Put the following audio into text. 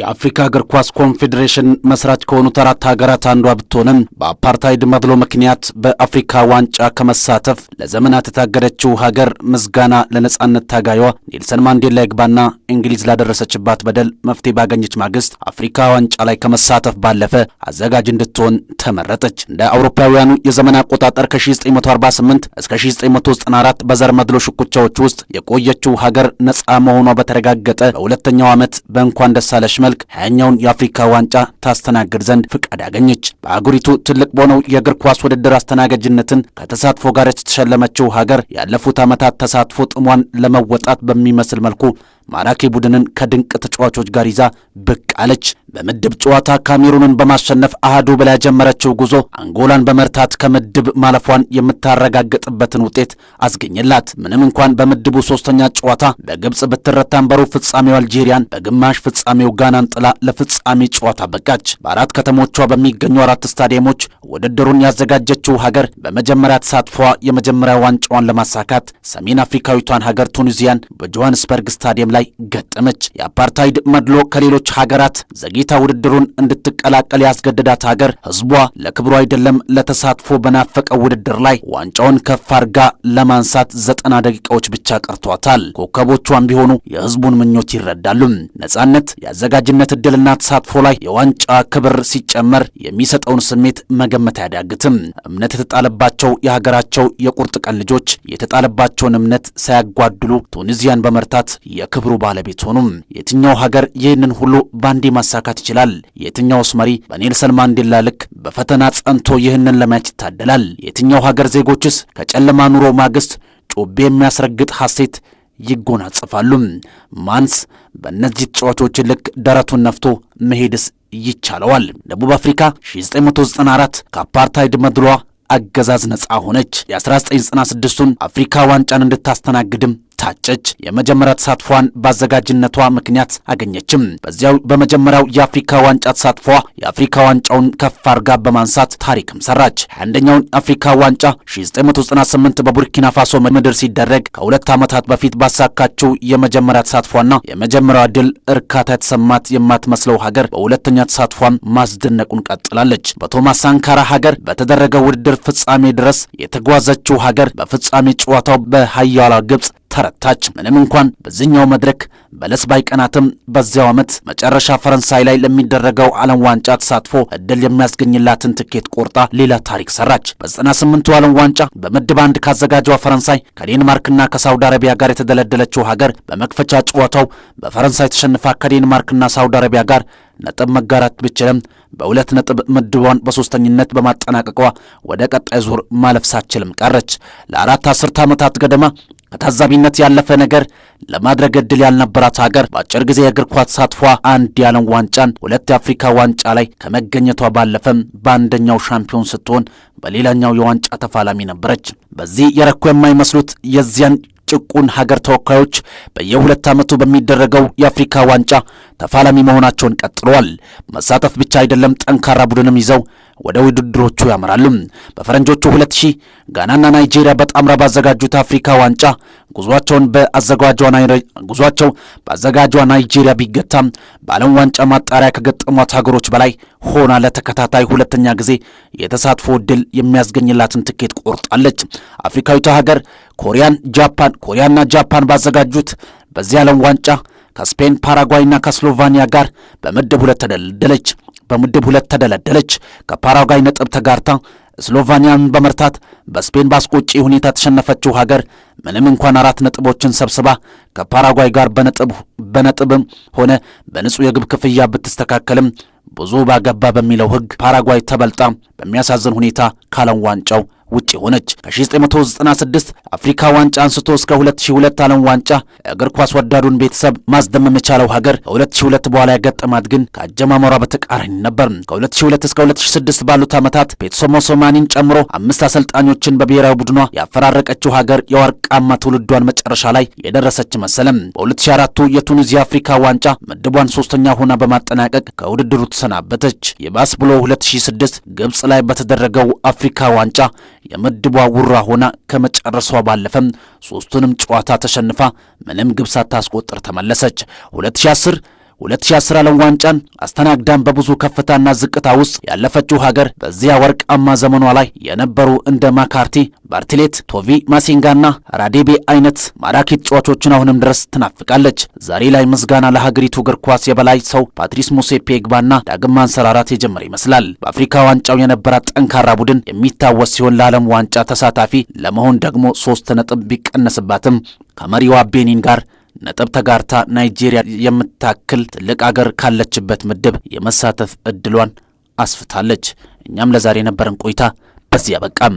የአፍሪካ እግር ኳስ ኮንፌዴሬሽን መስራች ከሆኑት አራት ሀገራት አንዷ ብትሆንም በአፓርታይድ መድሎ ምክንያት በአፍሪካ ዋንጫ ከመሳተፍ ለዘመናት የታገደችው ሀገር ምስጋና ለነጻነት ታጋዩዋ ኔልሰን ማንዴላ ይግባና እንግሊዝ ላደረሰችባት በደል መፍትሄ ባገኘች ማግስት አፍሪካ ዋንጫ ላይ ከመሳተፍ ባለፈ አዘጋጅ እንድትሆን ተመረጠች። እንደ አውሮፓውያኑ የዘመን አቆጣጠር ከ1948 እስከ 1994 በዘር መድሎ ሽኩቻዎች ውስጥ የቆየችው ሀገር ነጻ መሆኗ በተረጋገጠ በሁለተኛው ዓመት በእንኳን ደሳለሽ መልክ ሀያኛውን የአፍሪካ ዋንጫ ታስተናግድ ዘንድ ፍቃድ አገኘች። በአህጉሪቱ ትልቅ በሆነው የእግር ኳስ ውድድር አስተናጋጅነትን ከተሳትፎ ጋር የተሸለመችው ሀገር ያለፉት ዓመታት ተሳትፎ ጥሟን ለመወጣት በሚመስል መልኩ ማራኪ ቡድንን ከድንቅ ተጫዋቾች ጋር ይዛ ብቅ አለች። በምድብ ጨዋታ ካሜሩንን በማሸነፍ አህዶ ብላ የጀመረችው ጉዞ አንጎላን በመርታት ከምድብ ማለፏን የምታረጋግጥበትን ውጤት አስገኘላት። ምንም እንኳን በምድቡ ሶስተኛ ጨዋታ በግብፅ ብትረታም በሩብ ፍጻሜው አልጄሪያን፣ በግማሽ ፍጻሜው ጋናን ጥላ ለፍጻሜ ጨዋታ በቃች። በአራት ከተሞቿ በሚገኙ አራት ስታዲየሞች ውድድሩን ያዘጋጀችው ሀገር በመጀመሪያ ተሳትፏ የመጀመሪያ ዋንጫዋን ለማሳካት ሰሜን አፍሪካዊቷን ሀገር ቱኒዚያን በጆሃንስበርግ ስታዲየም ላይ ገጠመች። የአፓርታይድ መድሎ ከሌሎች ሀገራት ዘግይታ ውድድሩን እንድትቀላቀል ያስገደዳት ሀገር ህዝቧ ለክብሩ አይደለም ለተሳትፎ በናፈቀው ውድድር ላይ ዋንጫውን ከፍ አድርጋ ለማንሳት ዘጠና ደቂቃዎች ብቻ ቀርቷታል። ኮከቦቿን ቢሆኑ የህዝቡን ምኞት ይረዳሉ። ነጻነት፣ የአዘጋጅነት እድልና ተሳትፎ ላይ የዋንጫ ክብር ሲጨመር የሚሰጠውን ስሜት መገመት አያዳግትም። እምነት የተጣለባቸው የሀገራቸው የቁርጥ ቀን ልጆች የተጣለባቸውን እምነት ሳያጓድሉ ቱኒዚያን በመርታት የክብር የክብሩ ባለቤት ሆኑም። የትኛው ሀገር ይህንን ሁሉ ባንዴ ማሳካት ይችላል? የትኛውስ መሪ በኔልሰን ማንዴላ ልክ በፈተና ጸንቶ ይህንን ለማየት ይታደላል? የትኛው ሀገር ዜጎችስ ከጨለማ ኑሮ ማግስት ጮቤ የሚያስረግጥ ሐሴት ይጎናጽፋሉ? ማንስ በእነዚህ ተጫዋቾች ልክ ደረቱን ነፍቶ መሄድስ ይቻለዋል? ደቡብ አፍሪካ 1994 ከአፓርታይድ መድሏ አገዛዝ ነጻ ሆነች። የ1996ቱን አፍሪካ ዋንጫን እንድታስተናግድም ታጨች። የመጀመሪያ ተሳትፏን በአዘጋጅነቷ ምክንያት አገኘችም። በዚያው በመጀመሪያው የአፍሪካ ዋንጫ ተሳትፏ የአፍሪካ ዋንጫውን ከፍ አርጋ በማንሳት ታሪክም ሰራች። አንደኛውን አፍሪካ ዋንጫ 1998 በቡርኪና ፋሶ ምድር ሲደረግ ከሁለት ዓመታት በፊት ባሳካችው የመጀመሪያ ተሳትፏና የመጀመሪያዋ ድል እርካታ የተሰማት የማትመስለው ሀገር በሁለተኛ ተሳትፏም ማስደነቁን ቀጥላለች። በቶማስ ሳንካራ ሀገር በተደረገው ውድድር ፍጻሜ ድረስ የተጓዘችው ሀገር በፍጻሜ ጨዋታው በሀያሏ ግብጽ። ተረታች። ምንም እንኳን በዚህኛው መድረክ በለስ ባይቀናትም በዚያው ዓመት መጨረሻ ፈረንሳይ ላይ ለሚደረገው ዓለም ዋንጫ ተሳትፎ እድል የሚያስገኝላትን ትኬት ቆርጣ ሌላ ታሪክ ሰራች። በ98ቱ ዓለም ዋንጫ በምድብ አንድ ካዘጋጀዋ ፈረንሳይ ከዴንማርክና ከሳውዲ አረቢያ ጋር የተደለደለችው ሀገር በመክፈቻ ጨዋታው በፈረንሳይ ተሸንፋ ከዴንማርክና ሳውዲ አረቢያ ጋር ነጥብ መጋራት ብችልም በሁለት ነጥብ ምድቧን በሶስተኝነት በማጠናቀቋ ወደ ቀጣይ ዙር ማለፍ ሳትችልም ቀረች። ለአራት አስርት ዓመታት ገደማ ከታዛቢነት ያለፈ ነገር ለማድረግ እድል ያልነበራት ሀገር በአጭር ጊዜ የእግር ኳስ ተሳትፏ አንድ የዓለም ዋንጫን፣ ሁለት የአፍሪካ ዋንጫ ላይ ከመገኘቷ ባለፈም በአንደኛው ሻምፒዮን ስትሆን በሌላኛው የዋንጫ ተፋላሚ ነበረች። በዚህ የረኩ የማይመስሉት የዚያን ጭቁን ሀገር ተወካዮች በየሁለት ዓመቱ በሚደረገው የአፍሪካ ዋንጫ ተፋላሚ መሆናቸውን ቀጥለዋል። መሳተፍ ብቻ አይደለም፣ ጠንካራ ቡድንም ይዘው ወደ ውድድሮቹ ያመራሉ። በፈረንጆቹ 2000 ጋናና ናይጄሪያ በጣምራ ባዘጋጁት አፍሪካ ዋንጫ ጉዟቸውን ጉዟቸው በአዘጋጇ ናይጄሪያ ቢገታም በዓለም ዋንጫ ማጣሪያ ከገጠሟት ሀገሮች በላይ ሆና ለተከታታይ ሁለተኛ ጊዜ የተሳትፎ ድል የሚያስገኝላትን ትኬት ቆርጣለች። አፍሪካዊቷ ሀገር ኮሪያን ጃፓን ኮሪያና ጃፓን ባዘጋጁት በዚህ ዓለም ዋንጫ ከስፔን፣ ፓራጓይና ከስሎቫኒያ ጋር በምድብ ሁለት ተደለደለች። በምድብ ሁለት ተደለደለች። ከፓራጓይ ነጥብ ተጋርታ ስሎቫኒያን በመርታት በስፔን ባስቆጪ ሁኔታ የተሸነፈችው ሀገር ምንም እንኳን አራት ነጥቦችን ሰብስባ ከፓራጓይ ጋር በነጥብም ሆነ በንጹሕ የግብ ክፍያ ብትስተካከልም ብዙ ባገባ በሚለው ሕግ ፓራጓይ ተበልጣ በሚያሳዝን ሁኔታ ካለም ዋንጫው ውጭ ሆነች። ከ1996 ከአፍሪካ ዋንጫ አንስቶ እስከ 2002 ዓለም ዋንጫ እግር ኳስ ወዳዱን ቤተሰብ ማስደመም የቻለው ሀገር ከ2002 በኋላ ያጋጠማት ግን ከአጀማመሯ በተቃራኒ ነበር። ከ2002 እስከ 2006 ባሉት ዓመታት ፔትሶሞ ሶማኒን ጨምሮ አምስት አሰልጣኞችን በብሔራዊ ቡድኗ ያፈራረቀችው ሀገር የወርቃማ ትውልዷን መጨረሻ ላይ የደረሰች መሰለም። በ2004ቱ የቱኒዚያ አፍሪካ ዋንጫ ምድቧን ሶስተኛ ሆና በማጠናቀቅ ከውድድሩ ተሰናበተች። የባስ ብሎ 2006 ግብፅ ላይ በተደረገው አፍሪካ ዋንጫ የምድቧ ውራ ሆና ከመጨረሷ ባለፈም ሶስቱንም ጨዋታ ተሸንፋ ምንም ግብ ሳታስቆጥር ተመለሰች። 2010 2010 ዋንጫን አስተናግዳን በብዙ ከፍታና ዝቅታ ውስጥ ያለፈችው ሀገር በዚያ ወርቃማ ዘመኗ ላይ የነበሩ እንደ ማካርቲ፣ ባርትሌት፣ ቶቪ ማሲንጋና ራዴቤ አይነት ማራኪ ተጫዋቾችን አሁንም ድረስ ትናፍቃለች። ዛሬ ላይ ምስጋና ለሀገሪቱ እግር ኳስ የበላይ ሰው ፓትሪስ ሙሴፔ ግባና ዳግም ማንሰራራት የጀመረ ይመስላል። በአፍሪካ ዋንጫው የነበራት ጠንካራ ቡድን የሚታወስ ሲሆን ለዓለም ዋንጫ ተሳታፊ ለመሆን ደግሞ ሶስት ነጥብ ቢቀነስባትም ከመሪዋ ቤኒን ጋር ነጥብ ተጋርታ ናይጄሪያ የምታክል ትልቅ አገር ካለችበት ምድብ የመሳተፍ እድሏን አስፍታለች። እኛም ለዛሬ የነበረን ቆይታ በዚህ ያበቃም።